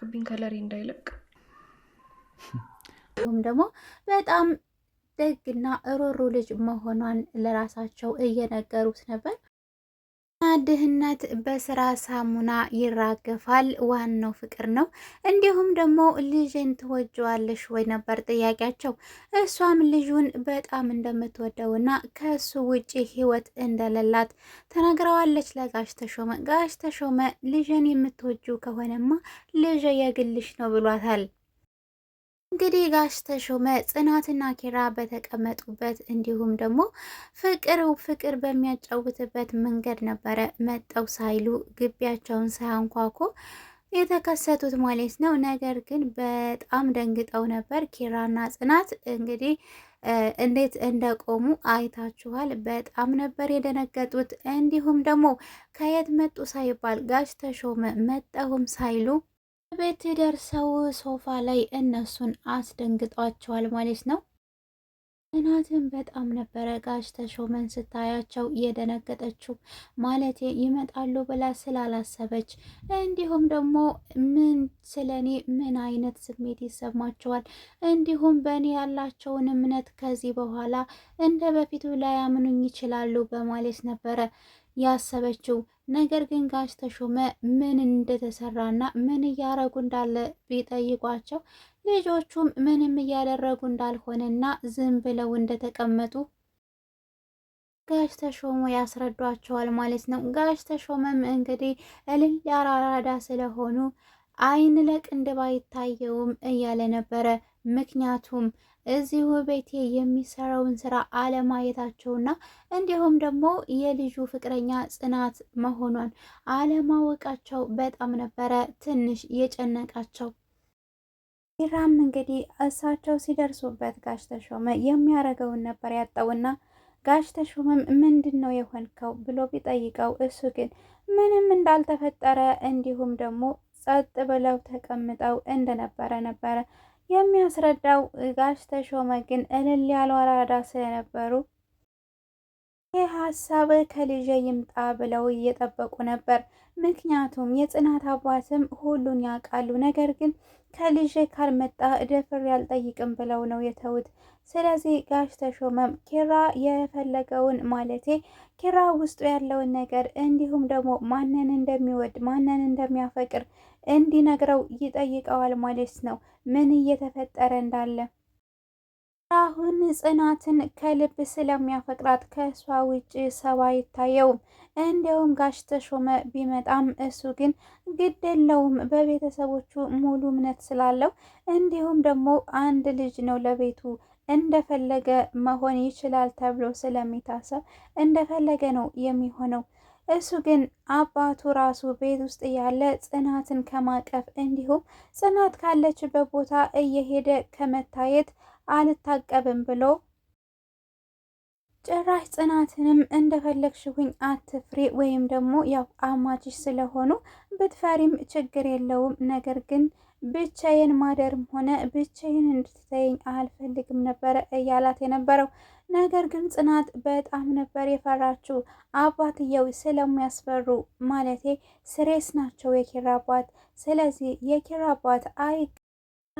ያደረክብኝ ከለሪ እንዳይለቅ። ሁም ደግሞ በጣም ደግና ሮሮ ልጅ መሆኗን ለራሳቸው እየነገሩት ነበር። ድህነት በስራ ሳሙና ይራገፋል፣ ዋናው ፍቅር ነው። እንዲሁም ደግሞ ልጅን ትወጀዋለሽ ወይ ነበር ጥያቄያቸው። እሷም ልጁን በጣም እንደምትወደውና ከሱ ውጪ ህይወት እንደሌላት ተነግረዋለች ለጋሽ ተሾመ። ጋሽ ተሾመ ልጅን የምትወጁ ከሆነማ ልጅ የግልሽ ነው ብሏታል። እንግዲህ ጋሽ ተሾመ ጽናትና ኪራ በተቀመጡበት እንዲሁም ደግሞ ፍቅር ፍቅር በሚያጫውትበት መንገድ ነበረ መጠው ሳይሉ ግቢያቸውን ሳያንኳኩ የተከሰቱት ማለት ነው። ነገር ግን በጣም ደንግጠው ነበር። ኪራና ጽናት እንግዲህ እንዴት እንደቆሙ አይታችኋል። በጣም ነበር የደነገጡት። እንዲሁም ደግሞ ከየት መጡ ሳይባል ጋሽ ተሾመ መጠሁም ሳይሉ ቤት ደርሰው ሶፋ ላይ እነሱን አስደንግጧቸዋል ማለት ነው። ጽናትን በጣም ነበረ ጋሽ ተሾመን ስታያቸው እየደነገጠችው ማለት ይመጣሉ ብላ ስላላሰበች፣ እንዲሁም ደግሞ ምን ስለኔ ምን አይነት ስሜት ይሰማቸዋል፣ እንዲሁም በእኔ ያላቸውን እምነት ከዚህ በኋላ እንደ በፊቱ ላያምኑኝ ይችላሉ በማለት ነበረ ያሰበችው። ነገር ግን ጋሽ ተሾመ ምን እንደተሰራና ምን እያረጉ እንዳለ ቢጠይቋቸው ልጆቹም ምንም እያደረጉ እንዳልሆነና ዝም ብለው እንደተቀመጡ ጋሽ ተሾሙ ያስረዷቸዋል ማለት ነው። ጋሽ ተሾመም እንግዲህ እልል ያራራዳ ስለሆኑ አይን ለቅንድብ አይታየውም እያለ ነበረ። ምክንያቱም እዚሁ ቤቴ የሚሰራውን ስራ አለማየታቸውና እንዲሁም ደግሞ የልጁ ፍቅረኛ ጽናት መሆኗን አለማወቃቸው በጣም ነበረ ትንሽ የጨነቃቸው። ኪራም እንግዲህ እሳቸው ሲደርሱበት ጋሽ ተሾመ የሚያደርገውን ነበር ያጣውና ጋሽ ተሾመም ምንድን ነው የሆንከው ብሎ ቢጠይቀው እሱ ግን ምንም እንዳልተፈጠረ እንዲሁም ደግሞ ጸጥ ብለው ተቀምጠው እንደነበረ ነበረ የሚያስረዳው። ጋሽ ተሾመ ግን እልል ያለ አራዳ ስለነበሩ ይህ ሀሳብ ከልጄ ይምጣ ብለው እየጠበቁ ነበር። ምክንያቱም የጽናት አባትም ሁሉን ያውቃሉ። ነገር ግን ከልጄ ካልመጣ ደፍሬ አልጠይቅም ብለው ነው የተውት ስለዚህ ጋሽ ተሾመም ኪራ የፈለገውን ማለቴ ኪራ ውስጡ ያለውን ነገር እንዲሁም ደግሞ ማንን እንደሚወድ ማንን እንደሚያፈቅር እንዲነግረው ይጠይቀዋል ማለት ነው ምን እየተፈጠረ እንዳለ አሁን ጽናትን ከልብ ስለሚያፈቅራት ከእሷ ውጭ ሰው አይታየውም። እንዲያውም ጋሽ ተሾመ ቢመጣም እሱ ግን ግድ የለውም በቤተሰቦቹ ሙሉ እምነት ስላለው፣ እንዲሁም ደግሞ አንድ ልጅ ነው ለቤቱ እንደፈለገ መሆን ይችላል ተብሎ ስለሚታሰብ እንደፈለገ ነው የሚሆነው። እሱ ግን አባቱ ራሱ ቤት ውስጥ ያለ ጽናትን ከማቀፍ እንዲሁም ጽናት ካለችበት ቦታ እየሄደ ከመታየት አልታቀብም ብሎ ጭራሽ ጽናትንም እንደፈለግሽሁኝ አትፍሪ ወይም ደግሞ ያው አማችሽ ስለሆኑ ብትፈሪም ችግር የለውም ነገር ግን ብቻዬን ማደርም ሆነ ብቻዬን እንድትተይኝ አልፈልግም ነበረ እያላት የነበረው ነገር ግን ጽናት በጣም ነበር የፈራችው። አባትየው ስለሚያስፈሩ ማለቴ ስሬስ ናቸው የኪራ አባት። ስለዚህ የኪራ አባት አይ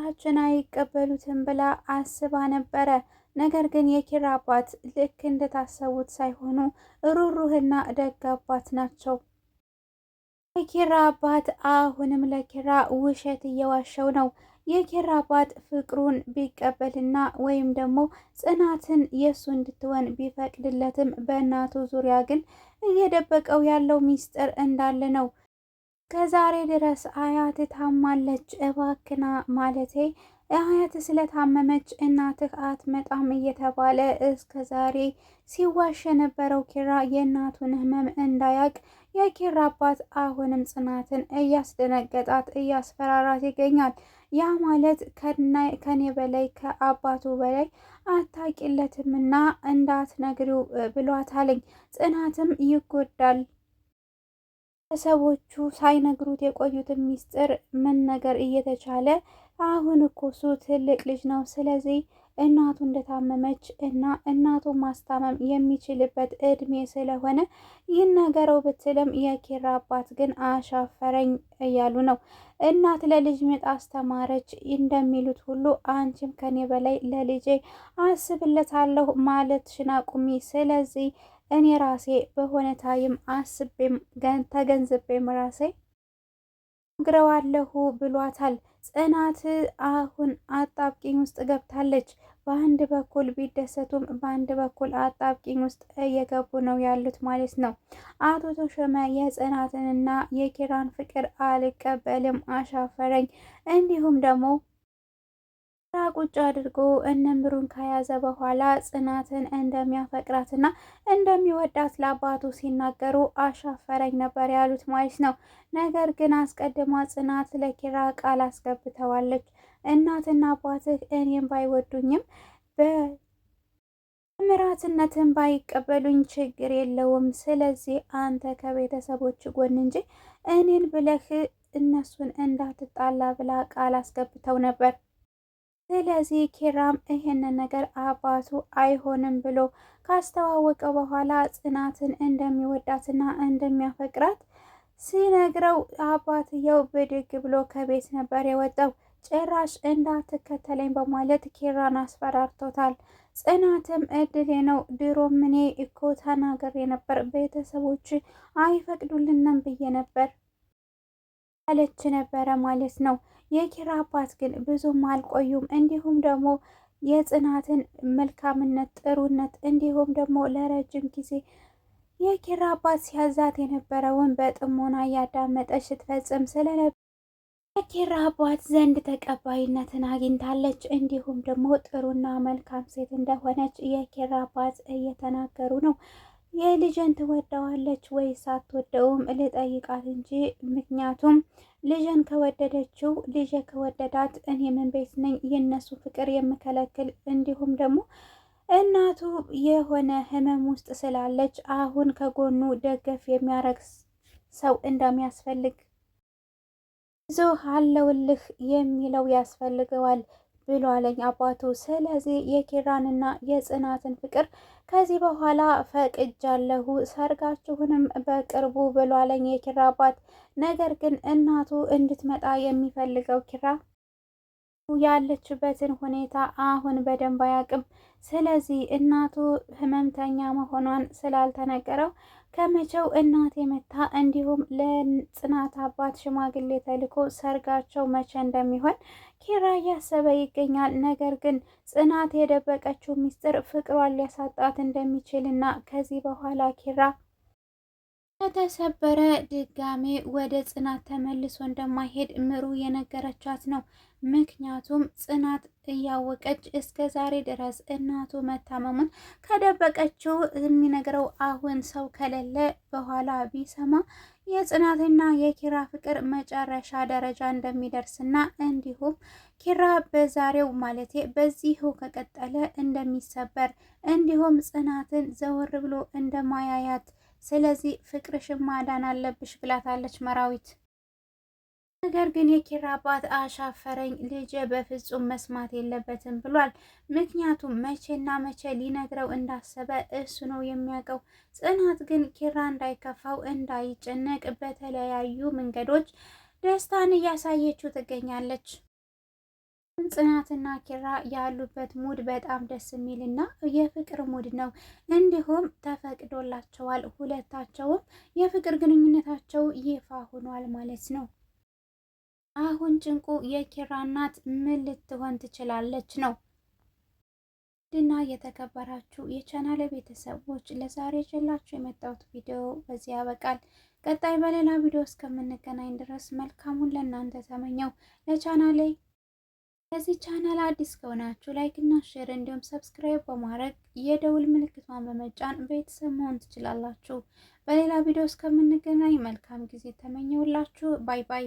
ልጃችን አይቀበሉትም ብላ አስባ ነበረ። ነገር ግን የኪራ አባት ልክ እንደታሰቡት ሳይሆኑ ሩሩህና ደግ አባት ናቸው። የኪራ አባት አሁንም ለኪራ ውሸት እየዋሸው ነው። የኪራ አባት ፍቅሩን ቢቀበልና ወይም ደግሞ ጽናትን የእሱ እንድትሆን ቢፈቅድለትም በእናቱ ዙሪያ ግን እየደበቀው ያለው ሚስጥር እንዳለ ነው። ከዛሬ ድረስ አያት ታማለች እባክና ማለቴ አያት ስለታመመች እናትህ አትመጣም እየተባለ እስከ ዛሬ ሲዋሽ የነበረው ኪራ የእናቱን ህመም እንዳያቅ የኪራ አባት አሁንም ጽናትን እያስደነገጣት እያስፈራራት ይገኛል። ያ ማለት ከኔ በላይ ከአባቱ በላይ አታቂለትምና እንዳትነግሪው ብሏታለኝ። ጽናትም ይጎዳል ቤተሰቦቹ ሳይነግሩት የቆዩትን ሚስጥር መነገር እየተቻለ አሁን እኮ እሱ ትልቅ ልጅ ነው። ስለዚህ እናቱ እንደታመመች እና እናቱ ማስታመም የሚችልበት እድሜ ስለሆነ ይነገረው ብትልም የኪራ አባት ግን አሻፈረኝ እያሉ ነው። እናት ለልጅ ምጥ አስተማረች እንደሚሉት ሁሉ አንቺም ከኔ በላይ ለልጄ አስብለታለሁ ማለት ሽናቁሚ ስለዚህ እኔ ራሴ በሆነ ታይም አስቤም ተገንዝቤም ራሴ ግረዋለሁ ብሏታል። ጽናት አሁን አጣብቂኝ ውስጥ ገብታለች። በአንድ በኩል ቢደሰቱም በአንድ በኩል አጣብቂኝ ውስጥ እየገቡ ነው ያሉት ማለት ነው። አቶ ተሾመ የጽናትንና የኪራን ፍቅር አልቀበልም አሻፈረኝ፣ እንዲሁም ደግሞ ራ ቁጭ አድርጎ እነምሩን ከያዘ በኋላ ጽናትን እንደሚያፈቅራትና እንደሚወዳት ለአባቱ ሲናገሩ አሻፈረኝ ነበር ያሉት ማለት ነው። ነገር ግን አስቀድማ ጽናት ለኪራ ቃል አስገብተዋለች። እናትና አባትህ እኔም ባይወዱኝም በምራትነትን ባይቀበሉኝ ችግር የለውም። ስለዚህ አንተ ከቤተሰቦች ጎን እንጂ እኔን ብለህ እነሱን እንዳትጣላ ብላ ቃል አስገብተው ነበር። ስለዚህ ኪራም ይህንን ነገር አባቱ አይሆንም ብሎ ካስተዋወቀ በኋላ ጽናትን እንደሚወዳትና እንደሚያፈቅራት ሲነግረው አባትየው ብድግ ብሎ ከቤት ነበር የወጣው። ጭራሽ እንዳትከተለኝ በማለት ኪራን አስፈራርቶታል። ጽናትም እድሌ ነው ድሮም እኔ እኮ ተናግሬ ነበር፣ ቤተሰቦች አይፈቅዱልንም ብዬ ነበር አለች ነበረ ማለት ነው። የኪራ አባት ግን ብዙም አልቆዩም። እንዲሁም ደግሞ የጽናትን መልካምነት፣ ጥሩነት እንዲሁም ደግሞ ለረጅም ጊዜ የኪራ አባት ሲያዛት የነበረውን በጥሞና እያዳመጠች ስትፈጽም ስለነበር የኪራ አባት ዘንድ ተቀባይነትን አግኝታለች። እንዲሁም ደግሞ ጥሩና መልካም ሴት እንደሆነች የኪራ አባት እየተናገሩ ነው። የልጅን ትወደዋለች ወይስ አትወደውም ልጠይቃት እንጂ ምክንያቱም ልጅን ከወደደችው ልጅ ከወደዳት እኔ ምን ቤት ነኝ የእነሱ ፍቅር የምከለክል? እንዲሁም ደግሞ እናቱ የሆነ ህመም ውስጥ ስላለች አሁን ከጎኑ ደገፍ የሚያረግ ሰው እንደሚያስፈልግ ብዙ አለውልህ የሚለው ያስፈልገዋል ብሏለኝ አባቱ። ስለዚህ የኪራንና የጽናትን ፍቅር ከዚህ በኋላ ፈቅጃለሁ ሰርጋችሁንም በቅርቡ ብሏለኝ የኪራ አባት። ነገር ግን እናቱ እንድትመጣ የሚፈልገው ኪራ ያለችበትን ሁኔታ አሁን በደንብ አያውቅም። ስለዚህ እናቱ ህመምተኛ መሆኗን ስላልተነገረው ከመቼው እናት የመታ እንዲሁም ለጽናት አባት ሽማግሌ ተልኮ ሰርጋቸው መቼ እንደሚሆን ኪራ እያሰበ ይገኛል። ነገር ግን ጽናት የደበቀችው ምስጢር ፍቅሯን ሊያሳጣት እንደሚችል እና ከዚህ በኋላ ኪራ ከተሰበረ ድጋሜ ወደ ጽናት ተመልሶ እንደማይሄድ ምሩ የነገረቻት ነው። ምክንያቱም ጽናት እያወቀች እስከ ዛሬ ድረስ እናቱ መታመሙን ከደበቀችው የሚነግረው አሁን ሰው ከሌለ በኋላ ቢሰማ የጽናትና የኪራ ፍቅር መጨረሻ ደረጃ እንደሚደርስና እንዲሁም ኪራ በዛሬው ማለቴ በዚሁ ከቀጠለ እንደሚሰበር እንዲሁም ጽናትን ዘወር ብሎ እንደማያያት ስለዚህ ፍቅርሽን ማዳን አለብሽ ብላታለች መራዊት። ነገር ግን የኪራ አባት አሻፈረኝ፣ ልጄ በፍጹም መስማት የለበትም ብሏል። ምክንያቱም መቼና መቼ ሊነግረው እንዳሰበ እሱ ነው የሚያውቀው። ጽናት ግን ኪራ እንዳይከፋው እንዳይጨነቅ በተለያዩ መንገዶች ደስታን እያሳየችው ትገኛለች። ጽናትና ኪራ ያሉበት ሙድ በጣም ደስ የሚል እና የፍቅር ሙድ ነው። እንዲሁም ተፈቅዶላቸዋል። ሁለታቸውም የፍቅር ግንኙነታቸው ይፋ ሆኗል ማለት ነው። አሁን ጭንቁ የኪራ እናት ምን ልትሆን ትችላለች ነው። ድና የተከበራችሁ የቻናል ቤተሰቦች ለዛሬ ጀላችሁ የመጣሁት ቪዲዮ በዚህ ያበቃል። ቀጣይ በሌላ ቪዲዮ እስከምንገናኝ ድረስ መልካሙን ለእናንተ ተመኘው። ለቻናሌ ለዚህ ቻናል አዲስ ከሆናችሁ ላይክ እና ሼር እንዲሁም ሰብስክራይብ በማድረግ የደውል ምልክቷን በመጫን ቤተሰብ መሆን ትችላላችሁ። በሌላ ቪዲዮ እስከምንገናኝ መልካም ጊዜ ተመኘውላችሁ። ባይ ባይ።